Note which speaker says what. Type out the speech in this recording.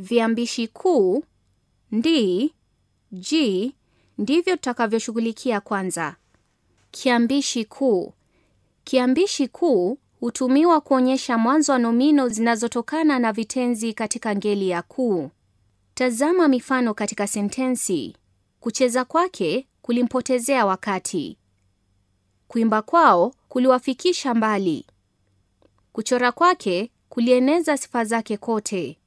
Speaker 1: Viambishi kuu ndi, ji ndivyo tutakavyoshughulikia kwanza. Kiambishi kuu. Kiambishi kuu hutumiwa kuonyesha mwanzo wa nomino zinazotokana na vitenzi katika ngeli ya kuu. Tazama mifano katika sentensi: kucheza kwake kulimpotezea wakati, kuimba kwao kuliwafikisha mbali, kuchora kwake kulieneza sifa zake kote.